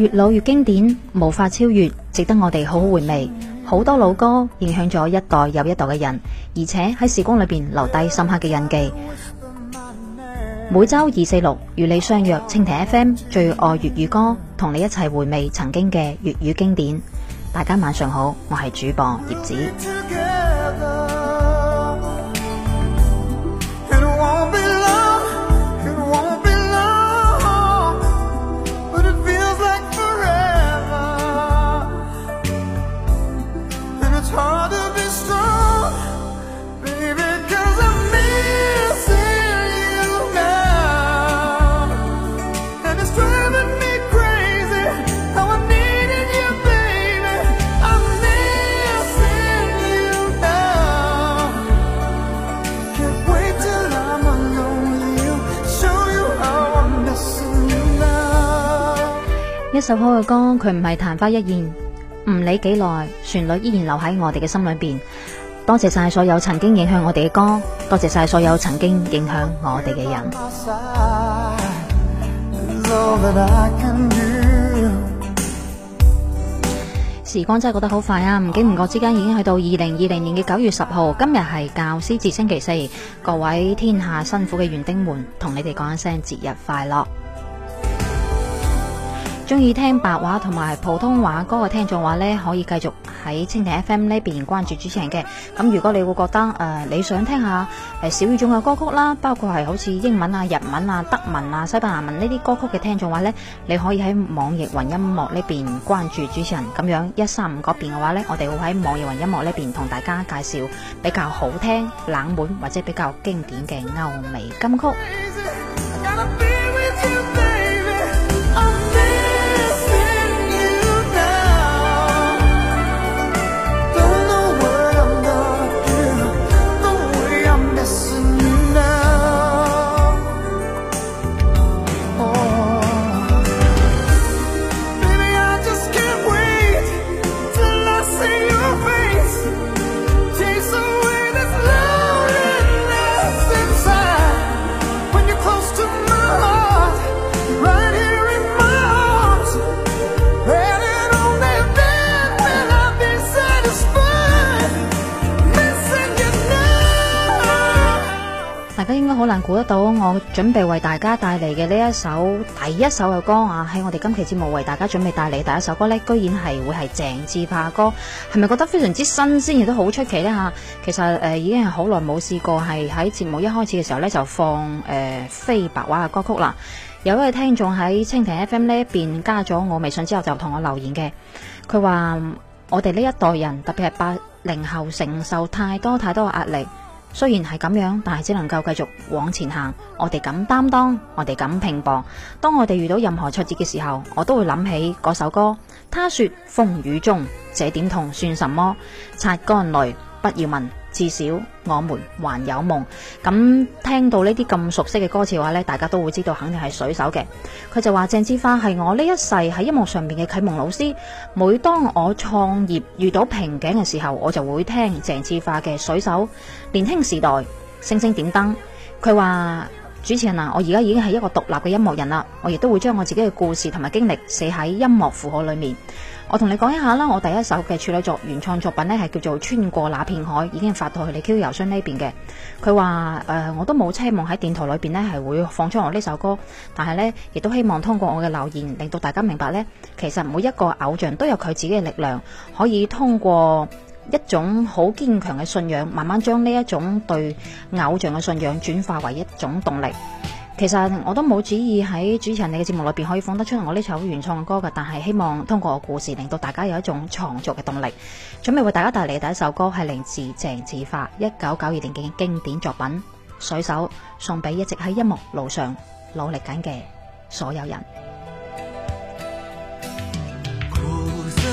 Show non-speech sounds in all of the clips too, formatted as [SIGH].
越老越經典，無法超越，值得我哋好好回味。好多老歌影響咗一代又一代嘅人，而且喺時光裏邊留低深刻嘅印記。每周二四六與你相約蜻蜓 FM，最愛粵語歌，同你一齊回味曾經嘅粵語經典。大家晚上好，我係主播葉子。好嘅歌，佢唔係曇花一現，唔理幾耐，旋律依然留喺我哋嘅心裏邊。多謝晒所有曾經影響我哋嘅歌，多謝晒所有曾經影響我哋嘅人。時光真係過得好快啊，唔經唔覺之間已經去到二零二零年嘅九月十號，今日係教師節星期四，各位天下辛苦嘅園丁們，同你哋講一聲節日快樂。中意聽白話同埋普通話歌嘅聽眾話呢，可以繼續喺蜻蜓 FM 呢邊關注主持人嘅。咁如果你會覺得誒、呃，你想聽下誒小語種嘅歌曲啦，包括係好似英文啊、日文啊、德文啊、西班牙文呢啲歌曲嘅聽眾話呢，你可以喺網易雲音樂呢邊關注主持人。咁樣一三五嗰邊嘅話呢，我哋會喺網易雲音樂呢邊同大家介紹比較好聽、冷門或者比較經典嘅歐美金曲。 [MUSIC] 應該好難估得到，我準備為大家帶嚟嘅呢一首第一首嘅歌啊，喺我哋今期節目為大家準備帶嚟第一首歌呢，居然係會係鄭智化歌，係咪覺得非常之新鮮亦都好出奇呢？吓？其實誒、呃，已經係好耐冇試過係喺節目一開始嘅時候呢，就放誒、呃、非白話嘅歌曲啦。有一位聽眾喺蜻蜓 FM 呢一邊加咗我微信之後就同我留言嘅，佢話我哋呢一代人特別係八零後承受太多太多嘅壓力。雖然係咁樣，但係只能夠繼續往前行。我哋敢擔當，我哋敢拼搏。當我哋遇到任何挫折嘅時候，我都會諗起嗰首歌。他說：風雨中，這點痛算什麼？擦乾淚。不要問，至少我們還有夢。咁聽到呢啲咁熟悉嘅歌詞話呢，大家都會知道肯定係水手嘅。佢就話鄭智化係我呢一世喺音樂上面嘅啟蒙老師。每當我創業遇到瓶頸嘅時候，我就會聽鄭智化嘅《水手》、《年輕時代》、《星星點燈》。佢話。主持人啊，我而家已經係一個獨立嘅音樂人啦，我亦都會將我自己嘅故事同埋經歷寫喺音樂符號裏面。我同你講一下啦，我第一首嘅處女作原創作品咧係叫做《穿過那片海》，已經發到去你 QQ 郵箱呢邊嘅。佢話誒，我都冇奢望喺電台裏邊咧係會放出我呢首歌，但係咧亦都希望通過我嘅留言，令到大家明白咧，其實每一個偶像都有佢自己嘅力量，可以通過。一種好堅強嘅信仰，慢慢將呢一種對偶像嘅信仰轉化為一種動力。其實我都冇主意喺主持人你嘅節目裏邊可以放得出我呢首原創嘅歌噶，但係希望通過個故事令到大家有一種創作嘅動力。準備為大家帶來第一首歌，係來自鄭智化一九九二年嘅經典作品《水手》，送俾一直喺音樂路上努力緊嘅所有人。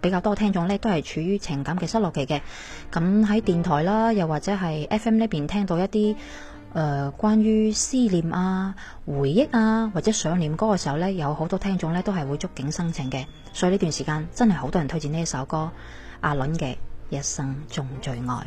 比較多聽眾咧都係處於情感嘅失落期嘅，咁喺電台啦，又或者係 FM 呢邊聽到一啲誒、呃、關於思念啊、回憶啊或者想念歌嘅時候呢，有好多聽眾咧都係會觸景生情嘅，所以呢段時間真係好多人推薦呢一首歌，阿倫嘅一生中最愛。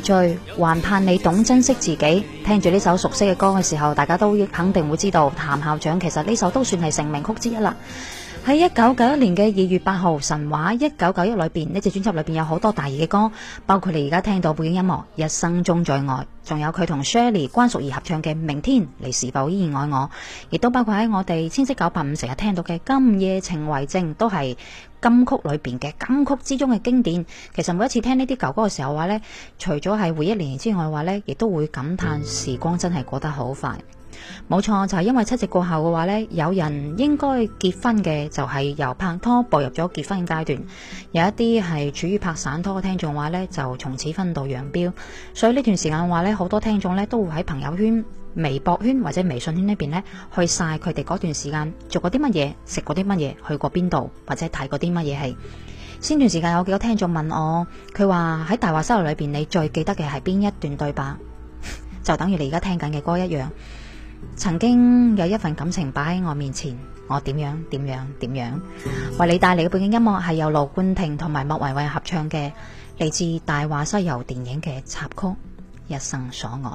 還還盼你懂珍惜自己。聽住呢首熟悉嘅歌嘅時候，大家都肯定會知道，譚校長其實呢首都算係成名曲之一啦。喺一九九一年嘅二月八號，《神話一九九一》這專輯裏邊呢隻專輯裏邊有好多大熱嘅歌，包括你而家聽到背景音樂《一生中最愛》，仲有佢同 Shirley 關淑怡合唱嘅《明天你是否依然愛我》，亦都包括喺我哋千色九百五成日聽到嘅《今夜情為證》，都係金曲裏邊嘅金曲之中嘅經典。其實每一次聽呢啲舊歌嘅時候話呢，除咗係回憶年之外，話呢，亦都會感嘆時光真係過得好快。冇錯，就係因為七夕過後嘅話呢，有人應該結婚嘅就係由拍拖步入咗結婚嘅階段，有一啲係處於拍散拖嘅聽眾嘅話咧，就從此分道揚鑣。所以呢段時間嘅話咧，好多聽眾呢都會喺朋友圈、微博圈或者微信圈呢邊呢去晒佢哋嗰段時間做過啲乜嘢、食過啲乜嘢、去過邊度或者睇過啲乜嘢戲。先段時間有幾多聽眾問我，佢話喺《大話西遊》裏邊你最記得嘅係邊一段對白，就等於你而家聽緊嘅歌一樣。曾經有一份感情擺喺我面前，我點樣點樣點樣？為你帶嚟嘅背景音樂係由盧冠廷同埋莫維維合唱嘅，嚟自《大話西遊》電影嘅插曲《一生所愛》。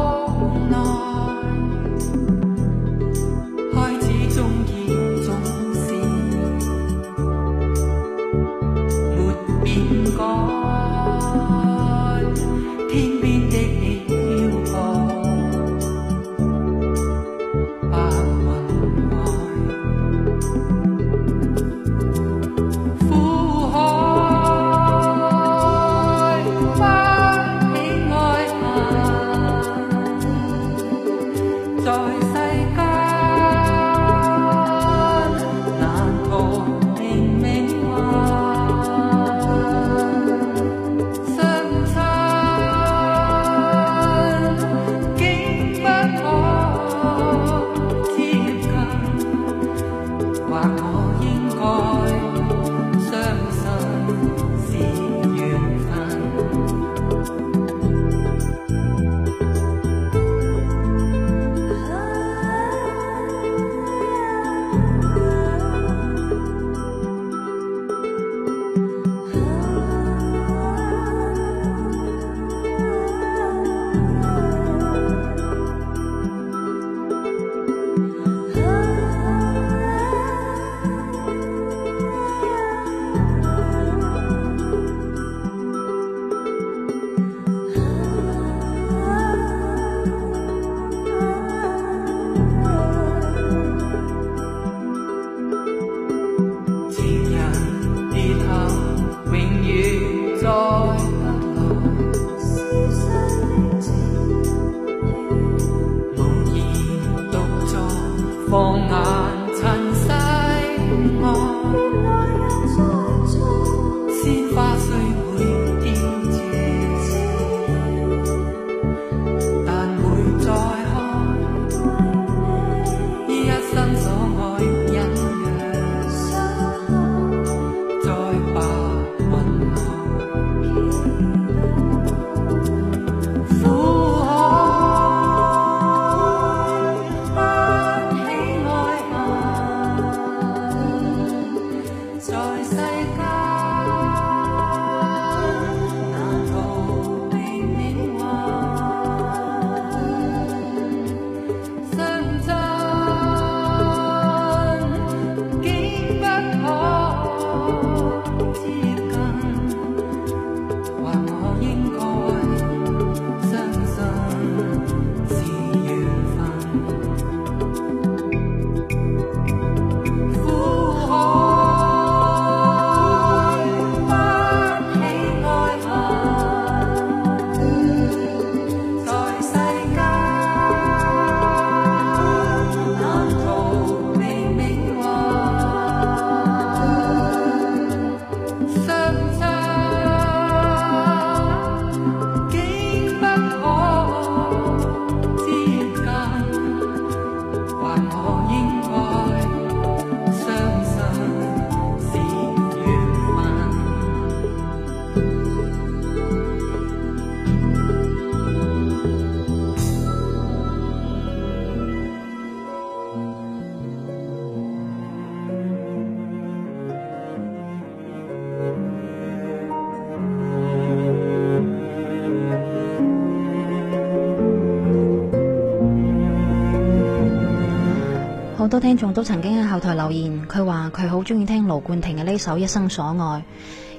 [MUSIC] 聽眾都曾經喺後台留言，佢話佢好中意聽盧冠廷嘅呢首《一生所愛》，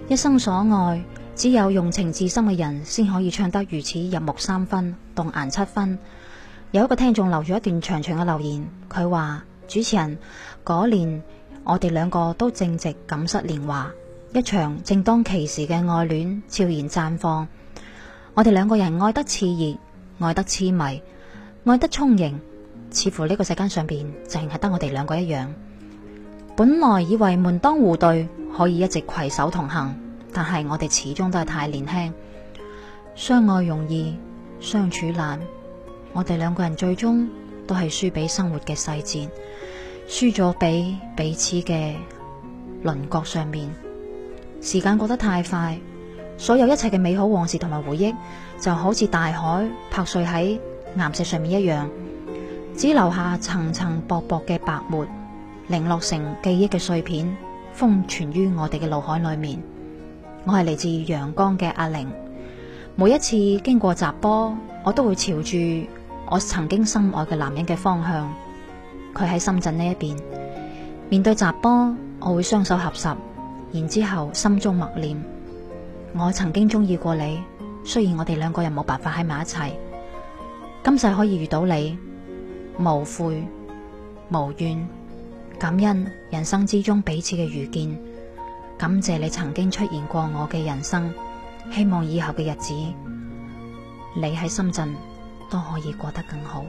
一生所愛只有用情至深嘅人先可以唱得如此入木三分、動顏七分。有一個聽眾留咗一段長長嘅留言，佢話主持人，嗰年我哋兩個都正值錦瑟年華，一場正當其時嘅愛戀悄然綻放，我哋兩個人愛得熾熱，愛得痴迷，愛得充盈。似乎呢個世間上邊淨係得我哋兩個一樣，本來以為門當戶對可以一直攜手同行，但係我哋始終都係太年輕，相愛容易相處難，我哋兩個人最終都係輸俾生活嘅細節，輸咗俾彼此嘅輪角上面。時間過得太快，所有一切嘅美好往事同埋回憶，就好似大海拍碎喺岩石上面一樣。只留下層層薄薄嘅白沫，零落成記憶嘅碎片，封存於我哋嘅腦海裏面。我係嚟自陽光嘅阿玲，每一次經過閘坡，我都會朝住我曾經深愛嘅男人嘅方向。佢喺深圳呢一邊，面對閘坡，我會雙手合十，然之後心中默念：我曾經中意過你，雖然我哋兩個人冇辦法喺埋一齊，今世可以遇到你。無悔、無怨、感恩人生之中彼此嘅遇見，感謝你曾經出現過我嘅人生，希望以後嘅日子，你喺深圳都可以過得更好。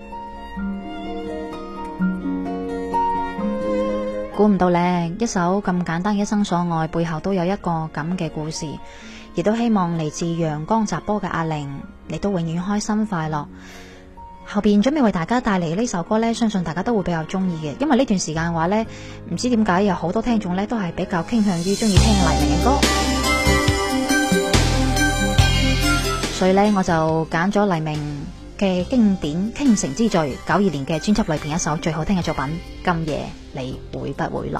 估唔到呢一首咁簡單嘅一生所愛，背後都有一個咁嘅故事，亦都希望嚟自陽光雜波嘅阿玲，你都永遠開心快樂。後邊準備為大家帶嚟嘅呢首歌咧，相信大家都會比較中意嘅，因為呢段時間嘅話咧，唔知點解有好多聽眾咧都係比較傾向於中意聽黎明嘅歌，所以咧我就揀咗黎明嘅經典《傾城之罪》，九二年嘅專輯裏邊一首最好聽嘅作品《今夜你會不會來》。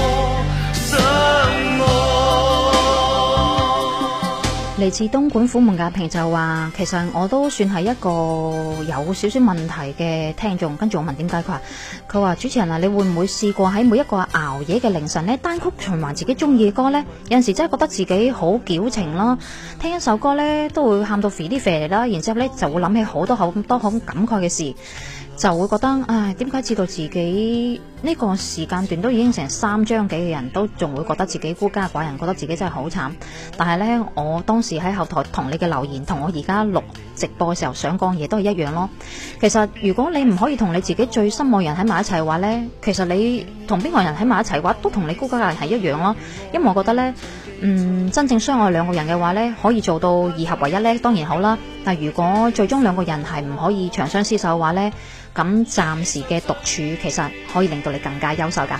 嚟自東莞虎門嘅平就話，其實我都算係一個有少少問題嘅聽眾。跟住我問點解佢話，佢話主持人啊，你會唔會試過喺每一個熬夜嘅凌晨呢，單曲循環自己中意嘅歌呢？有陣時真係覺得自己好矯情咯，聽一首歌呢，都會喊到肥啲肥嚟啦，然之後呢就會諗起好多好多好感慨嘅事。就會覺得，唉，點解知道自己呢個時間段都已經成三張幾嘅人都仲會覺得自己孤家寡人，覺得自己真係好慘。但係呢，我當時喺後台同你嘅留言，同我而家錄直播嘅時候想講嘢都係一樣咯。其實如果你唔可以同你自己最心愛人喺埋一齊嘅話呢，其實你同邊個人喺埋一齊嘅話，都同你孤家寡人係一樣咯。因為我覺得呢，嗯，真正相愛兩個人嘅話呢，可以做到二合為一呢，當然好啦。但如果最終兩個人係唔可以長相厮守嘅話呢。咁暫時嘅獨處，其實可以令到你更加優秀噶。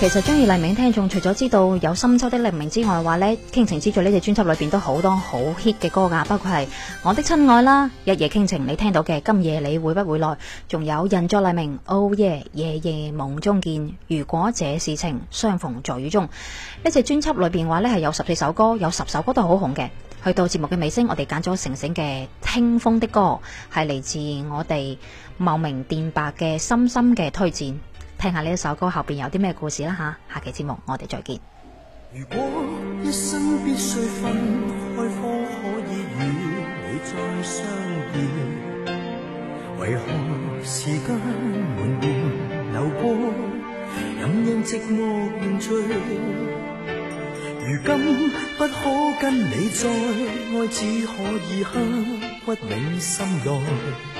其實鍾意黎明聽眾除咗知道有深秋的黎明之外話，話呢傾情之在呢隻專輯裏邊都好多好 hit 嘅歌噶，包括係我的親愛啦、一夜傾情，你聽到嘅今夜你會不會來，仲有人在黎明，Oh Yeah，夜夜夢中見，如果這事情相逢在雨中。呢隻專輯裏邊話呢係有十四首歌，有十首歌都好紅嘅。去到節目嘅尾聲，我哋揀咗成成嘅《聽風的歌》，係嚟自我哋茂名電白嘅深深嘅推薦。聽下呢一首歌後面有啲咩故事啦。吓，下期節目我哋再見。如果一生必須分開，方可以與你再相見，為何時間滿電流過，任人寂寞伴醉，如今不可跟你再愛，只可以刻骨銘心內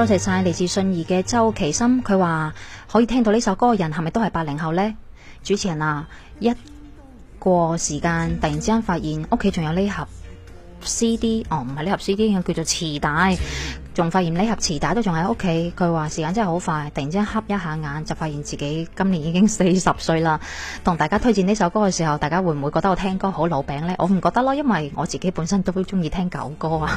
多謝晒嚟自信宜嘅周其心。佢話可以聽到呢首歌嘅人係咪都係八零後呢？主持人啊，一過時間，突然之間發現屋企仲有呢盒 CD 哦，唔係呢盒 CD，叫做磁帶，仲發現呢盒磁帶都仲喺屋企。佢話時間真係好快，突然之間恰一下眼就發現自己今年已經四十歲啦。同大家推薦呢首歌嘅時候，大家會唔會覺得我聽歌好老餅呢？我唔覺得咯，因為我自己本身都中意聽舊歌啊。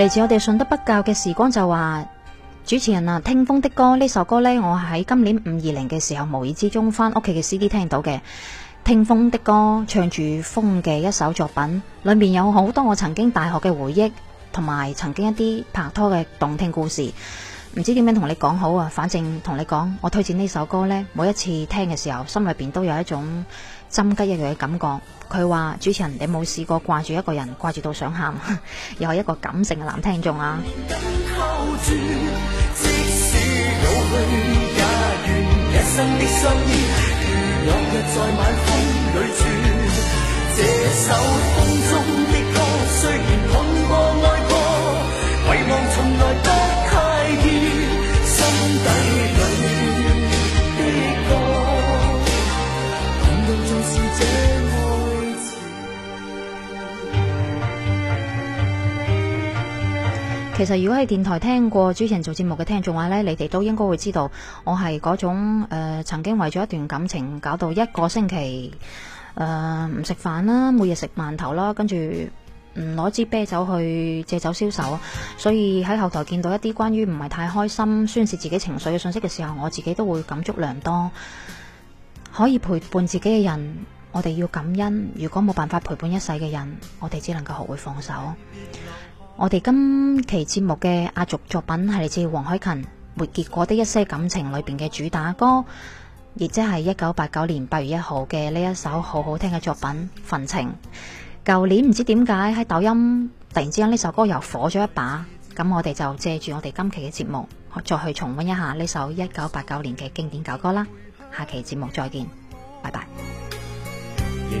嚟自我哋順德北教嘅時光就話，主持人啊，聽風的歌呢首歌咧，我喺今年五二零嘅時候，無意之中翻屋企嘅 CD 聽到嘅。聽風的歌，唱住風嘅一首作品，裏面有好多我曾經大學嘅回憶，同埋曾經一啲拍拖嘅動聽故事。唔知點樣同你講好啊！反正同你講，我推薦呢首歌咧，每一次聽嘅時候，心入邊都有一種針吉一樣嘅感覺。佢話主持人，你冇試過掛住一個人，掛住到想喊， [LAUGHS] 又係一個感性嘅男聽眾啊！其實如果喺電台聽過主持人做節目嘅聽眾話呢，你哋都應該會知道我係嗰種誒、呃，曾經為咗一段感情搞到一個星期誒唔食飯啦，每日食饅頭啦，跟住攞支啤酒去借酒消愁。所以喺後台見到一啲關於唔係太開心宣泄自己情緒嘅信息嘅時候，我自己都會感觸良多。可以陪伴自己嘅人，我哋要感恩；如果冇辦法陪伴一世嘅人，我哋只能夠學會放手。我哋今期節目嘅壓軸作品係嚟自黃凱芹《沒結果的一些感情》裏邊嘅主打歌，亦即係一九八九年八月一號嘅呢一首好好聽嘅作品《焚情》。舊年唔知點解喺抖音突然之間呢首歌又火咗一把，咁我哋就借住我哋今期嘅節目，再去重溫一下呢首一九八九年嘅經典舊歌啦。下期節目再見，拜拜。仍